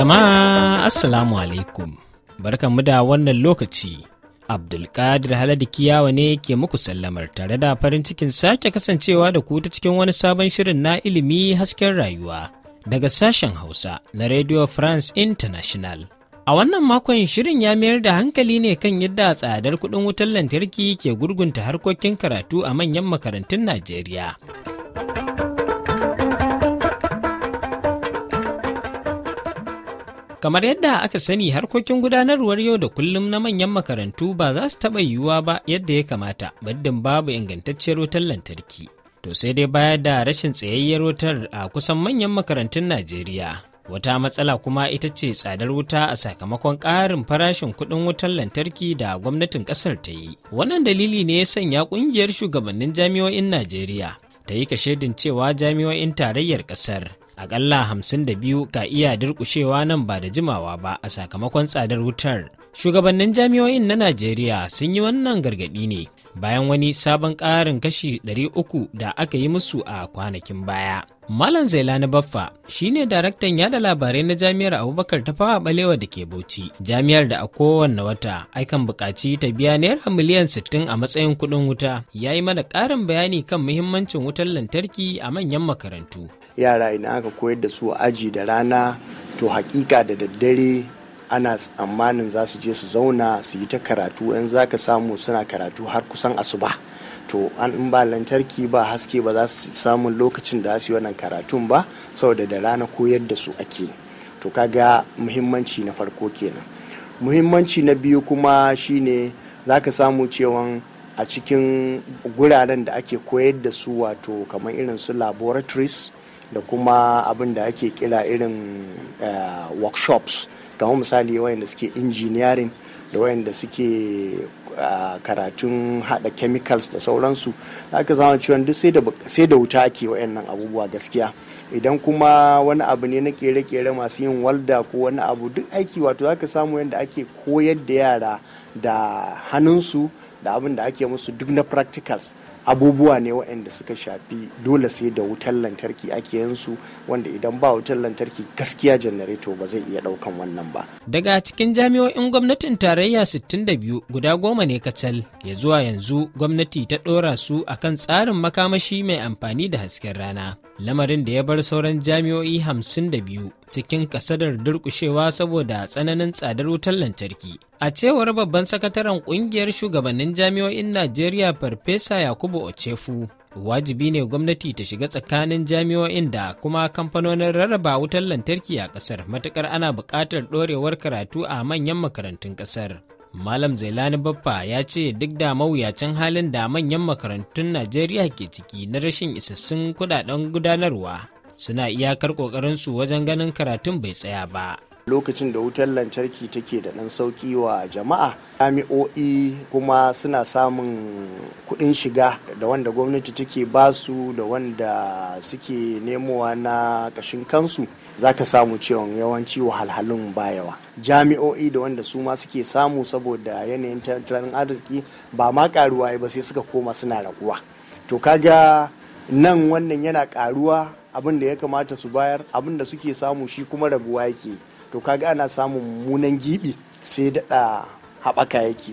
Jama'a Assalamu alaikum, barkanmu da wannan lokaci. Abdulkadir Haladu Kiyawa ne ke muku sallamar tare da farin cikin sake kasancewa da ku ta cikin wani sabon shirin na ilimi hasken rayuwa daga sashen Hausa na Radio France International. A wannan makon shirin ya mayar da hankali ne kan yadda tsadar kuɗin wutar lantarki ke gurgunta harkokin karatu a manyan makarantun Najeriya. Kamar yadda aka sani harkokin gudanarwar yau da kullum na manyan makarantu ba za su taɓa yiwuwa ba yadda ya kamata, muddin babu ingantacciyar wutar lantarki. To sai dai baya da rashin tsayayyar wutar a kusan manyan makarantun Najeriya. Wata matsala kuma ita ce tsadar wuta a sakamakon ƙarin farashin kuɗin wutar lantarki da gwamnatin ƙasar ta yi. Wannan dalili ne ya sanya ƙungiyar shugabannin jami'o'in Najeriya ta yi kashedin cewa jami'o'in tarayyar ƙasar akalla hamsin da biyu ka iya durƙushewa nan ba da jimawa ba a sakamakon tsadar wutar. Shugabannin jami'o'in na Najeriya sun yi wannan gargaɗi ne bayan wani sabon ƙarin kashi 300 da aka yi musu a kwanakin baya. Malam Zailani Baffa ne daraktan yada labarai na jami'ar Abubakar ta fawa balewa da ke Bauchi. Jami'ar da a kowanne wata aikan buƙaci ta biya naira miliyan 60 a matsayin kuɗin wuta. Ya yi mana ƙarin bayani kan muhimmancin wutar lantarki a manyan makarantu. Yara ina aka koyar da su aji da rana to hakika da daddare ana tsammanin za su je su zauna su yi ta karatu in za ka samu suna karatu har kusan asuba to an ba lantarki ba haske ba za su samu lokacin da su yi wannan karatun ba saboda da rana koyar da su ake to kaga muhimmanci na farko kenan muhimmanci na biyu kuma shine za ka samu cewan a cikin guraren da ake koyar da su wato kamar irin su laboratories da kuma abin da ake kira irin eh, workshops kamar misali wayanda suke injiniyarin da wayanda suke karatun hada chemicals da sauransu aka zama ciwon duk sai da wuta ake wayannan abubuwa gaskiya idan kuma wani abu ne na kere-kere masu yin walda ko wani abu duk aiki wato zaka samu yadda ake koyar da yara da hannunsu da abin da ake musu duk na practicals abubuwa ne waɗanda suka shafi dole sai da wutar lantarki ake yansu wanda idan ba wutar lantarki gaskiya janareto ba zai iya ɗaukan wannan ba. Daga cikin jami'o'in gwamnatin tarayya 62 guda goma ne kacal ya zuwa yanzu gwamnati ta ɗora su akan tsarin makamashi mai amfani da hasken rana. lamarin da ya bar sauran jami'o'i hamsin da biyu cikin kasadar durkushewa saboda tsananin tsadar wutar lantarki a cewar babban sakataren kungiyar shugabannin jami'o'in najeriya farfesa yakubu ochefu wajibi ne gwamnati ta shiga tsakanin jami'o'in da kuma kamfanonin rarraba wutar lantarki a kasar matukar ana buƙatar ɗorewar karatu a manyan makarantun kasar Malam Zailani Baffa ya ce duk da mawuyacin halin da manyan makarantun Najeriya ke ciki na rashin isassun kudaden gudanarwa suna iyakar su wajen ganin karatun bai tsaya ba. Lokacin da wutar lantarki take da ɗan sauƙi wa jama'a, jami'o'i kuma suna samun kuɗin shiga da wanda gwamnati take basu da wanda suke nemowa na ƙashin kansu. za ka samu cewa yawanci wahalhalun ba yawa jami'o'i da wanda su ma suke samu saboda yanayin tattalin arziki ba ma karuwa ba sai suka koma suna raguwa to kaga nan wannan yana karuwa abin da ya kamata su bayar abin da suke samu shi kuma raguwa yake to kaga ana samun mummunan gibi sai daɗa haɓaka yake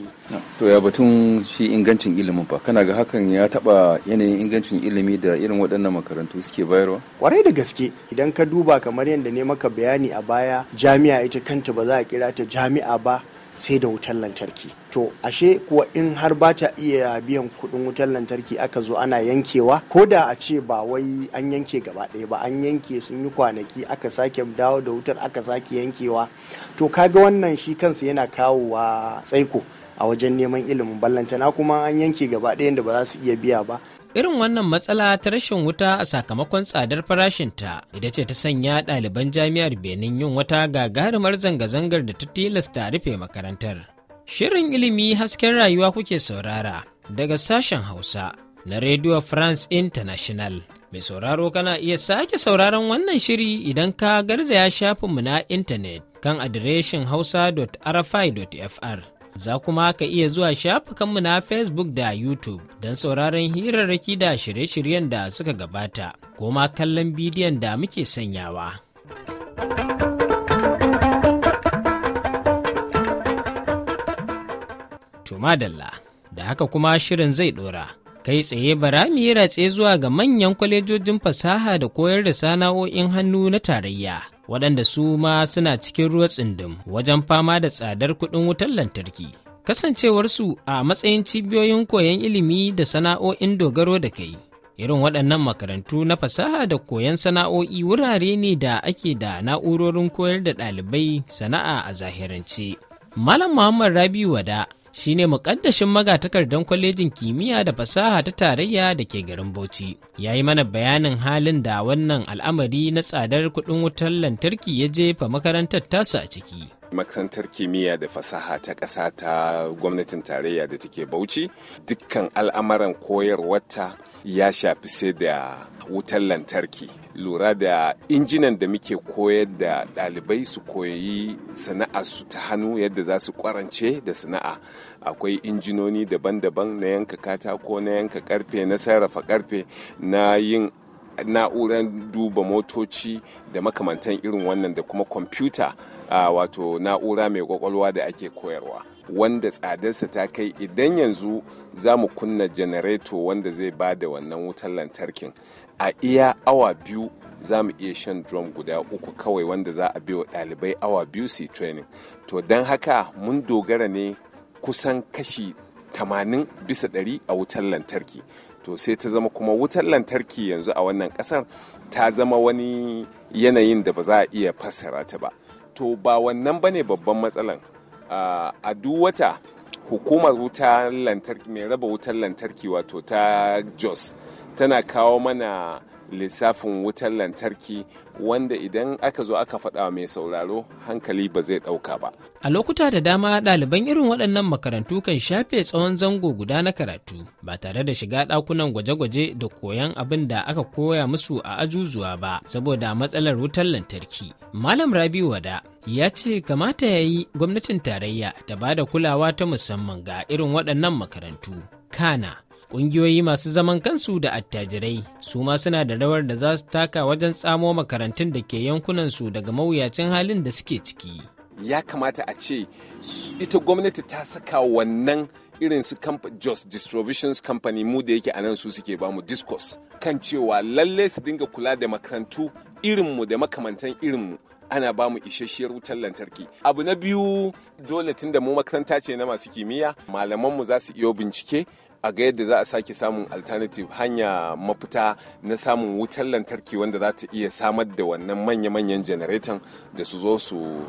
to ya batun shi ingancin ilimin ba kana ga hakan ya taɓa yanayin ingancin ilimi da irin waɗannan makarantu suke bayarwa kwarai da gaske idan ka duba kamar yadda ne maka bayani a baya jami'a ita kanta ba za a kira ta jami'a ba sai da wutar lantarki to ashe kuwa in har ba ta iya biyan kuɗin wutar lantarki aka zo ana yankewa ko da a ce ba wai an yanke gaba ɗaya ba an yanke sun yi kwanaki aka sake dawo da wutar aka sake yankewa to kaga wannan shi kansa yana kawowa tsaiko a wajen neman ilimin ballantana kuma an yanke gaba ɗayan da ba za su iya biya ba Irin wannan matsala ta rashin wuta a sakamakon tsadar farashinta ita ce ta sanya ɗaliban jami'ar Benin yin wata gagarumar zanga-zangar da ta tilasta rufe makarantar. Shirin ilimi hasken rayuwa kuke saurara daga sashen Hausa na Radio France International. Mai sauraro kana iya sake sauraron wannan shiri idan ka garzaya shafinmu na intanet kan adireshin hausa.rfi.fr. Za kuma ka iya zuwa shafukanmu na Facebook da YouTube don sauraron hirarraki da shirye-shiryen da suka gabata, ko ma kallon bidiyon da muke sanyawa. Tumadalla, da haka kuma shirin zai ɗora. Kai tsaye bara ratse zuwa ga manyan kwalejojin fasaha da koyar da sana'o'in hannu na tarayya. waɗanda su ma suna cikin ruwa tsundum wajen fama da tsadar kuɗin wutar lantarki. Kasancewarsu a matsayin cibiyoyin koyon ilimi da sana'o'in dogaro da kai. Irin waɗannan makarantu na fasaha da koyon sana'o'i wurare ne da ake da na'urorin koyar da ɗalibai sana'a a zahirance. Malam Muhammad Rabi Wada shine mukaddashin magatakardan kwalejin kimiyya da fasaha ta tarayya da ke garin Bauchi. Ya yi mana bayanin halin da wannan al'amari na tsadar kuɗin wutar lantarki ya jefa makarantar tasu a ciki. makarantar kimiyya da fasaha ta ƙasa ta gwamnatin tarayya da take bauchi dukkan al'amuran koyarwata ya shafi sai da wutar lantarki lura da injinan da muke koyar da ɗalibai su koyi sana'a su ta hannu yadda za su kwarance da sana'a akwai injinoni daban-daban na yanka katako na yanka karfe na sarrafa karfe na yin Na'urar duba motoci da makamantan irin wannan da kuma kwamfuta wato na'ura mai kwakwalwa da ake koyarwa wanda tsadarsa ta kai idan yanzu za mu kunna janareto wanda zai ba da wannan wutar lantarkin a iya awa biyu za mu iya shan drum guda uku kawai wanda za a biyo ɗalibai awa biyu su training to don haka mun dogara ne kusan kashi 80 bisa 100 a wutar lantarki to sai ta zama kuma wutar lantarki yanzu a wannan kasar ta zama wani yanayin da ba za a iya fassara ta ba to ba wannan bane babban matsalan a duk wata hukumar wutar lantarki mai raba wutar lantarki wato ta jos tana kawo mana lissafin wutar lantarki wanda idan aka zo aka faɗa mai sauraro hankali ba zai ɗauka ba. A lokuta da dama ɗaliban irin waɗannan makarantu kan shafe tsawon zango guda na karatu ba tare da shiga ɗakunan gwaje-gwaje da koyan abin da aka koya musu a ajuzuwa ba saboda matsalar wutar lantarki. Malam Rabi Wada ya ce kamata ya yi gwamnatin tarayya ta ba da kulawa ta musamman ga irin waɗannan makarantu. Kana ƙungiyoyi masu zaman kansu da attajirai su ma suna da rawar da za su taka wajen tsamo makarantun da ke yankunansu daga mawuyacin halin da suke ciki ya kamata a ce ita gwamnati ta saka wannan irin su just distributions company mu da yake anan su suke bamu discourse kan cewa lalle su dinga kula da makarantu irinmu da makamantan irinmu ana ba mu isasshiyar wutar lantarki abu na biyu dole tun da mu makaranta ce na masu kimiyya malamanmu za su iya bincike a ga yadda za a sake samun alternative hanya mafita na samun wutar lantarki wanda za ta iya samar da wannan manya-manyan janareton da su zo su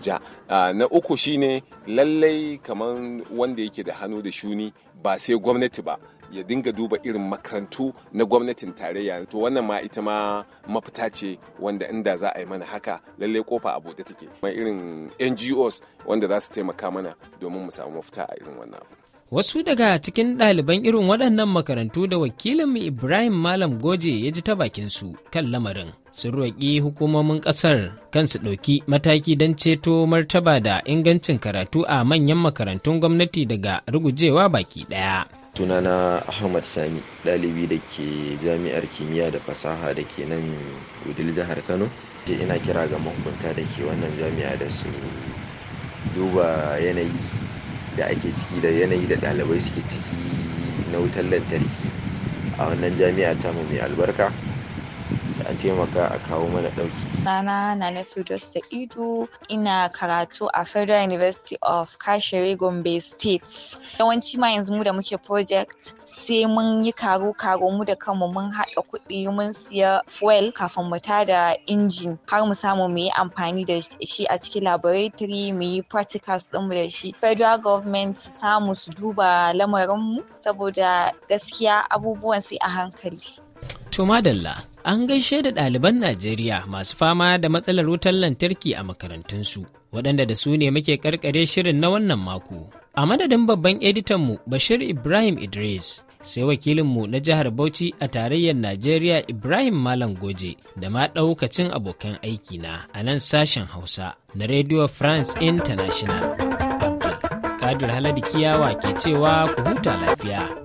ja na uku shine lallai kamar wanda yake da hannu da shuni ba sai gwamnati ba ya dinga duba irin makarantu na gwamnatin tarayya to wannan ma ita ma mafita ce wanda inda za a yi mana haka lalle kofa a bude take mai irin ngos wanda za su taimaka mana domin mu samu mafita a irin wannan abu Wasu daga cikin ɗaliban irin waɗannan makarantu da wakilinmu Ibrahim Malam Goje ya ji ta bakinsu kan lamarin sun roƙi hukumomin ƙasar kan su ɗauki mataki don ceto martaba da ingancin karatu a manyan makarantun gwamnati daga rugujewa baki ɗaya. Sunana Ahmad Sani ɗalibi da ke jami'ar kimiyya da fasaha da ke nan Gudul jihar Kano. Ina kira ga mahukunta da ke wannan jami'a da su duba yanayi da ake ciki da yanayi da ɗalibai suke ciki na wutar lantarki a wannan jami'a tamu mai albarka a taimaka a kawo mana ɗauki. Sana na na Firdaus Sa'idu ina karatu a Federal University of Kashere Gombe State. Yawanci ma yanzu mu da muke project sai mun yi karo-karo mu da kanmu mun haɗa kuɗi mun siya fuel kafin mu tada injin har mu samu mu yi amfani da shi a cikin laboratory mu yi practicals mu da shi. Federal government samu su duba lamarin mu saboda gaskiya abubuwan sai a hankali. To madalla An gaishe da ɗaliban Najeriya masu fama da matsalar wutar lantarki a makarantunsu, waɗanda da su ne muke karkare shirin na wannan mako. A madadin babban editanmu Bashir Ibrahim Idris, sai wakilinmu na jihar Bauchi a tarayyar Najeriya Ibrahim Malam Goje da ma ɗaukacin abokan aikina a nan sashen Hausa na Radio France International. Abdul Kadir Haladi Kiyawa ke cewa ku huta lafiya.